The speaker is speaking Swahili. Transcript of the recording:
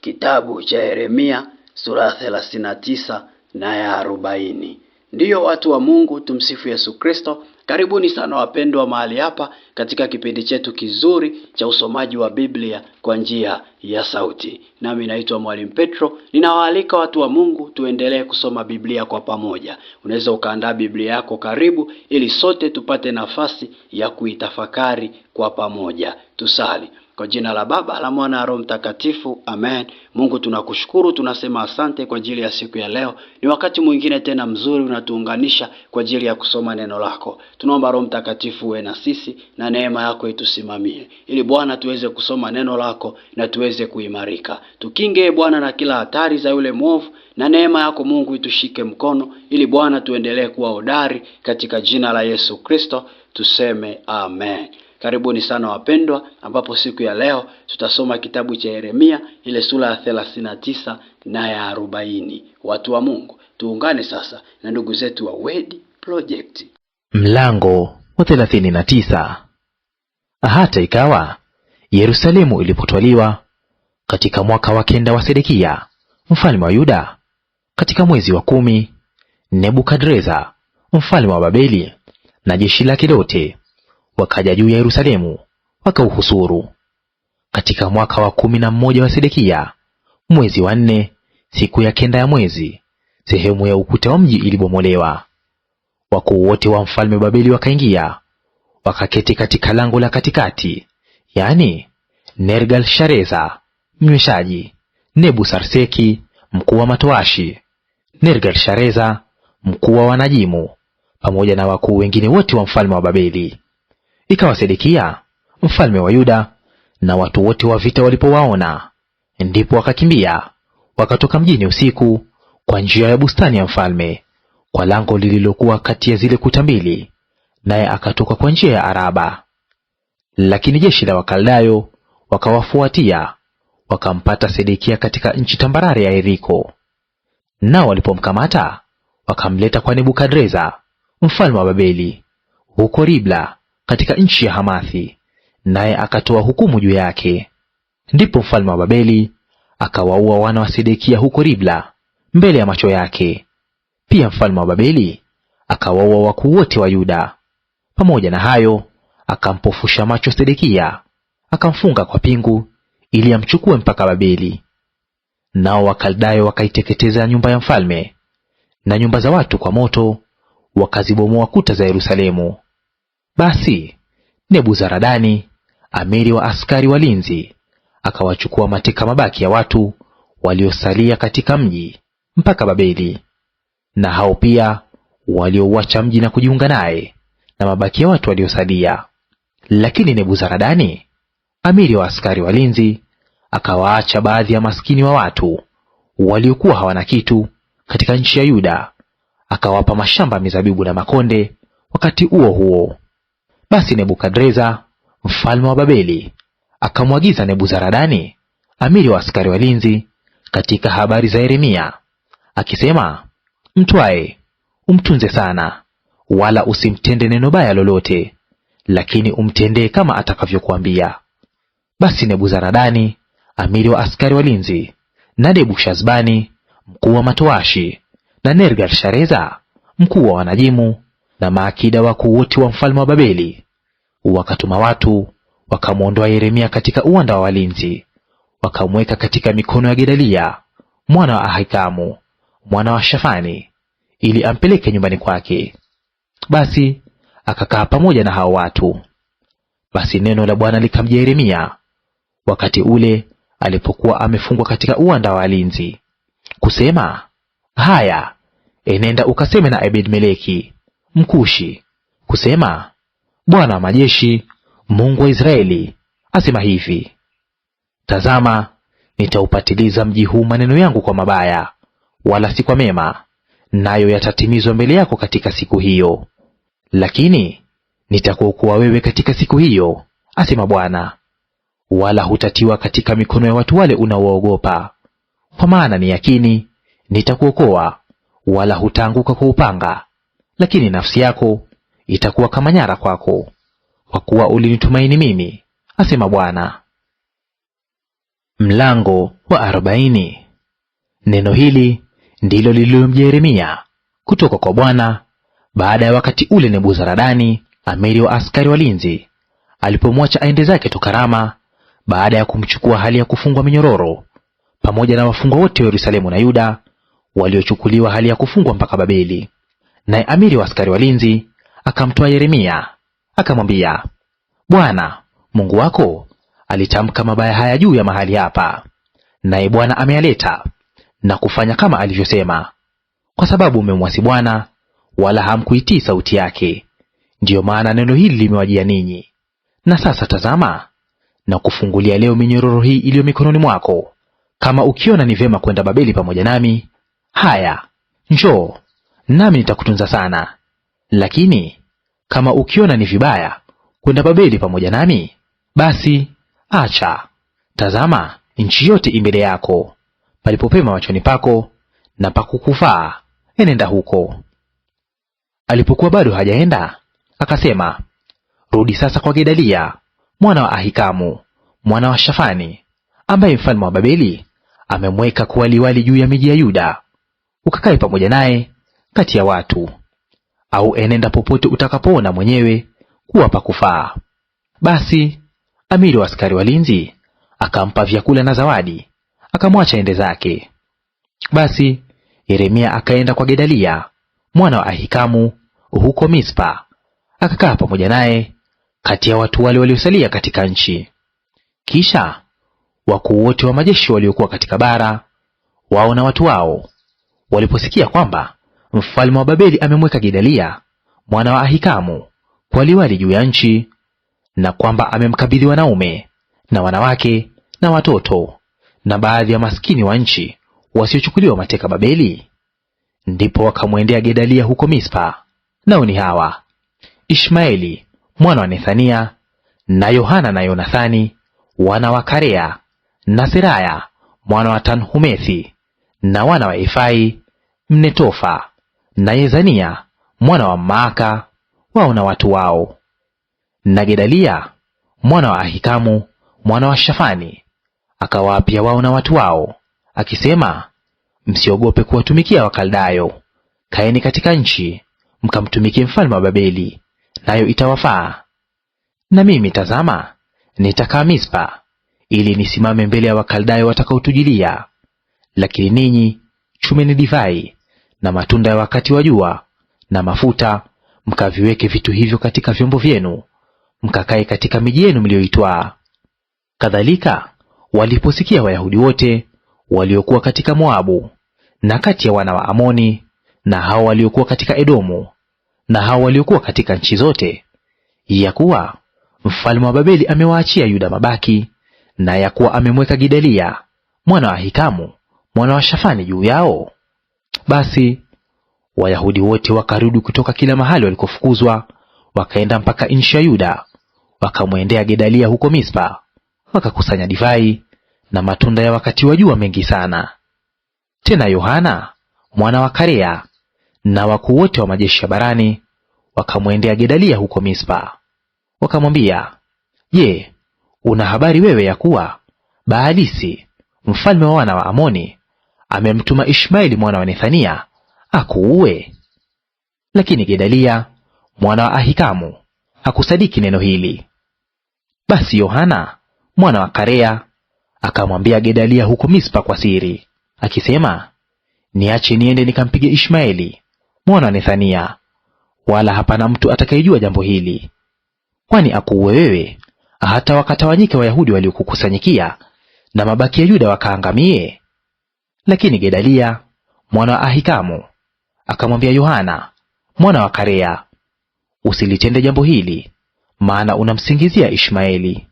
kitabu cha Yeremia sura ya tisa na ya arobaini. Ndiyo watu wa Mungu, tumsifu Yesu Kristo. Karibuni sana wapendwa mahali hapa katika kipindi chetu kizuri cha usomaji wa Biblia kwa njia ya sauti. Nami naitwa Mwalimu Petro, ninawaalika watu wa Mungu tuendelee kusoma Biblia kwa pamoja. Unaweza ukaandaa Biblia yako karibu, ili sote tupate nafasi ya kuitafakari kwa pamoja. Tusali. Kwa jina la Baba la Mwana na Roho Mtakatifu, amen. Mungu tunakushukuru, tunasema asante kwa ajili ya siku ya leo. Ni wakati mwingine tena mzuri unatuunganisha kwa ajili ya kusoma neno lako. Tunaomba Roho Mtakatifu uwe na sisi na neema yako itusimamie, ili Bwana tuweze kusoma neno lako na tuweze kuimarika. Tukinge Bwana na kila hatari za yule mwovu, na neema yako Mungu itushike mkono, ili Bwana tuendelee kuwa hodari, katika jina la Yesu Kristo tuseme amen. Karibuni sana wapendwa, ambapo siku ya leo tutasoma kitabu cha Yeremia ile sura ya thelathini na tisa na ya arobaini. Watu wa Mungu, tuungane sasa na ndugu zetu wa Word Project. Mlango wa thelathini na tisa. Hata ikawa Yerusalemu ilipotwaliwa katika mwaka wa kenda wa Sedekia mfalme wa Yuda, katika mwezi wa kumi, Nebukadreza mfalme wa Babeli na jeshi lake lote wakaja juu ya Yerusalemu wakauhusuru. Katika mwaka wa kumi na mmoja wa Sedekia, mwezi wa nne, siku ya kenda ya mwezi, sehemu ya ukuta wa mji ilibomolewa. Wakuu wote wa mfalme Babeli wakaingia wakaketi katika lango la katikati, yani Nergal Shareza mnyweshaji, Nebu Sarseki mkuu wa matoashi, Nergal Shareza mkuu wa wanajimu, pamoja na wakuu wengine wote wa mfalme wa Babeli. Ikawa Sedekia mfalme wa Yuda na watu wote wa vita walipowaona, ndipo wakakimbia wakatoka mjini usiku kwa njia ya bustani ya mfalme kwa lango lililokuwa kati ya zile kuta mbili, naye akatoka kwa njia ya Araba. Lakini jeshi la Wakaldayo wakawafuatia wakampata Sedekia katika nchi tambarare ya Yeriko. Nao walipomkamata wakamleta kwa Nebukadreza mfalme wa Babeli huko Ribla katika nchi ya Hamathi, naye akatoa hukumu juu yake. Ndipo mfalme wa Babeli akawaua wana wa Sedekia huko Ribla mbele ya macho yake. Pia mfalme wa Babeli akawaua wakuu wote wa Yuda. Pamoja na hayo, akampofusha macho Sedekia, akamfunga kwa pingu ili amchukue mpaka Babeli. Nao Wakaldayo wakaiteketeza nyumba ya mfalme na nyumba za watu kwa moto, wakazibomoa kuta za Yerusalemu. Basi Nebuzaradani amiri wa askari walinzi akawachukua mateka mabaki ya watu waliosalia katika mji mpaka Babeli, na hao pia waliouacha mji na kujiunga naye, na mabaki ya watu waliosalia. Lakini Nebuzaradani amiri wa askari walinzi akawaacha baadhi ya maskini wa watu waliokuwa hawana kitu katika nchi ya Yuda, akawapa mashamba ya mizabibu na makonde wakati huo huo. Basi Nebukadreza mfalme wa Babeli akamwagiza Nebuzaradani amiri wa askari walinzi katika habari za Yeremia akisema, mtwae umtunze sana, wala usimtende neno baya lolote, lakini umtendee kama atakavyokuambia. Basi Nebuzaradani amiri wa askari walinzi na Nebushazbani mkuu wa matoashi na Nergal Shareza mkuu wa wanajimu na maakida wakuu wote wa mfalme wa Babeli wakatuma watu wakamwondoa Yeremia katika uwanda wa walinzi, wakamweka katika mikono ya Gedalia mwana wa Ahikamu mwana wa Shafani, ili ampeleke nyumbani kwake. Basi akakaa pamoja na hao watu. Basi neno la Bwana likamjia Yeremia wakati ule alipokuwa amefungwa katika uwanda wa walinzi, kusema, Haya, enenda ukaseme na ebedmeleki meleki Mkushi, kusema, Bwana wa majeshi, Mungu wa Israeli, asema hivi, Tazama, nitaupatiliza mji huu maneno yangu kwa mabaya, wala si kwa mema, nayo yatatimizwa mbele yako katika siku hiyo. Lakini nitakuokoa wewe katika siku hiyo, asema Bwana, wala hutatiwa katika mikono ya watu wale unaowaogopa. Kwa maana ni yakini nitakuokoa, wala hutaanguka kwa upanga, lakini nafsi yako itakuwa kama nyara kwako, kwa kuwa ulinitumaini mimi, asema Bwana. Mlango wa arobaini. Neno hili ndilo lililomjia Yeremia kutoka kwa Bwana baada ya wakati ule Nebuzaradani amiri wa askari walinzi alipomwacha aende zake toka Rama, baada ya kumchukua hali ya kufungwa minyororo, pamoja na wafungwa wote wa Yerusalemu na Yuda waliochukuliwa hali ya kufungwa mpaka Babeli. Naye amiri wa askari walinzi akamtoa Yeremia akamwambia, Bwana Mungu wako alitamka mabaya haya juu ya mahali hapa, naye Bwana ameyaleta na kufanya kama alivyosema, kwa sababu mmemwasi Bwana wala hamkuitii sauti yake, ndiyo maana neno hili limewajia ninyi. Na sasa tazama, na kufungulia leo minyororo hii iliyo mikononi mwako, kama ukiona ni vyema kwenda Babeli pamoja nami, haya njoo nami nitakutunza sana. Lakini kama ukiona ni vibaya kwenda Babeli pamoja nami, basi acha. Tazama, nchi yote imbele yako; palipopema machoni pako na pakukufaa, enenda huko. Alipokuwa bado hajaenda, akasema, rudi sasa kwa Gedalia mwana wa Ahikamu mwana wa Shafani, ambaye mfalme wa Babeli amemweka kuwa liwali juu ya miji ya Yuda, ukakae pamoja naye kati ya watu, au enenda popote utakapoona mwenyewe kuwa pakufaa. Basi amiri wa askari walinzi akampa vyakula na zawadi, akamwacha ende zake. Basi Yeremia akaenda kwa Gedalia mwana wa Ahikamu huko Mispa, akakaa pamoja naye kati ya watu wale waliosalia katika nchi. Kisha wakuu wote wa majeshi waliokuwa katika bara, wao na watu wao, waliposikia kwamba mfalme wa Babeli amemweka Gedalia mwana wa Ahikamu kwa liwali juu ya nchi, na kwamba amemkabidhi wanaume na wanawake na watoto na baadhi ya maskini wa nchi wasiochukuliwa mateka Babeli? Ndipo wakamwendea Gedalia huko Mispa, nao ni hawa Ishmaeli mwana wa Nethania na Yohana na Yonathani wana wa Karea na Seraya mwana wa Tanhumethi na wana wa Efai Mnetofa na Yezania mwana wa Maaka, wao na watu wao, na Gedalia mwana wa Ahikamu mwana wa Shafani, akawaapia wao na watu wao akisema, msiogope kuwatumikia Wakaldayo; kaeni katika nchi mkamtumikie mfalme wa Babeli, nayo itawafaa. Na mimi tazama, nitakaa Mispa ili nisimame mbele ya Wakaldayo watakaotujilia; lakini ninyi chumeni divai na matunda ya wakati wa jua na mafuta, mkaviweke vitu hivyo katika vyombo vyenu, mkakae katika miji yenu mliyoitwaa. Kadhalika waliposikia Wayahudi wote waliokuwa katika Moabu na kati ya wana wa Amoni na hao waliokuwa katika Edomu na hao waliokuwa katika nchi zote, ya kuwa mfalme wa Babeli amewaachia Yuda mabaki, na ya kuwa amemweka Gidalia mwana wa Ahikamu mwana wa Shafani juu yao, basi Wayahudi wote wakarudi kutoka kila mahali walikofukuzwa, wakaenda mpaka nchi ya Yuda, wakamwendea Gedalia huko Mispa, wakakusanya divai na matunda ya wakati wa jua mengi sana. Tena Yohana mwana wa Karea na wakuu wote wa majeshi ya barani wakamwendea Gedalia huko Mispa, wakamwambia, Je, una habari wewe ya kuwa Baalisi mfalme wa wana wa Amoni amemtuma Ishmaeli mwana wa Nethania akuue? Lakini Gedalia mwana wa Ahikamu hakusadiki neno hili. Basi Yohana mwana wa Karea akamwambia Gedalia huko Mispa kwa siri akisema, niache niende nikampige Ishmaeli mwana wa Nethania, wala hapana mtu atakayejua jambo hili, kwani akuue wewe hata wakatawanyike Wayahudi waliokukusanyikia na mabaki ya Yuda wakaangamie? Lakini Gedalia mwana wa Ahikamu akamwambia Yohana mwana wa Karea, usilitende jambo hili, maana unamsingizia Ishmaeli.